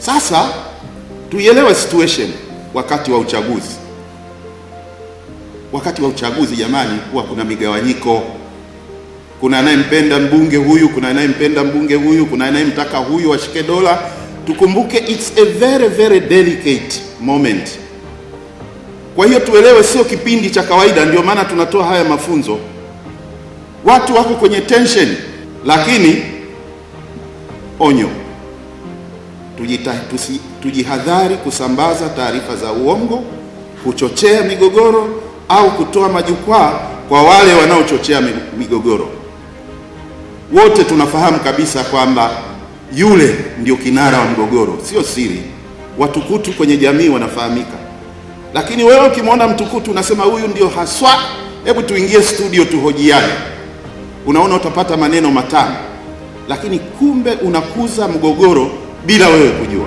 Sasa tuielewe situation wakati wa uchaguzi. Wakati wa uchaguzi jamani, huwa kuna migawanyiko. Kuna anayempenda mbunge huyu, kuna anayempenda mbunge huyu, kuna anayemtaka huyu ashike dola. Tukumbuke it's a very very delicate moment. Kwa hiyo tuelewe, sio kipindi cha kawaida. Ndio maana tunatoa haya mafunzo. Watu wako kwenye tension, lakini onyo tujihadhari kusambaza taarifa za uongo, kuchochea migogoro au kutoa majukwaa kwa wale wanaochochea migogoro. Wote tunafahamu kabisa kwamba yule ndio kinara wa mgogoro, sio siri. Watukutu kwenye jamii wanafahamika, lakini wewe ukimwona mtukutu unasema huyu ndio haswa, hebu tuingie studio tuhojiane, unaona utapata maneno matano, lakini kumbe unakuza mgogoro bila wewe kujua.